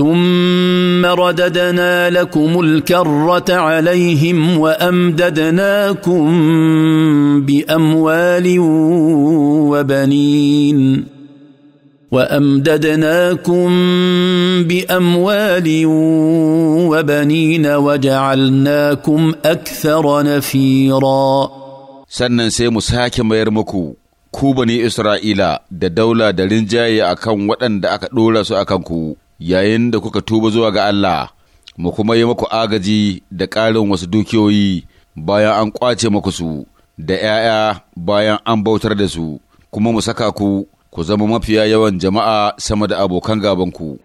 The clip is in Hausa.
ثم رددنا لكم الكره عليهم وامددناكم باموال وبنين وامددناكم باموال وبنين وجعلناكم اكثر نفيرا sannan sai mu sake mayar muku ku bani isra'ila da daula da rinjaye akan waɗanda aka ɗora su akan ku yayin da kuka tuba zuwa ga Allah, mu kuma yi muku agaji da ƙarin wasu dukiyoyi bayan an ƙwace muku su, da ’ya'ya bayan an bautar da su, kuma mu saka ku, ku zama mafiya yawan jama'a sama da abokan gabanku.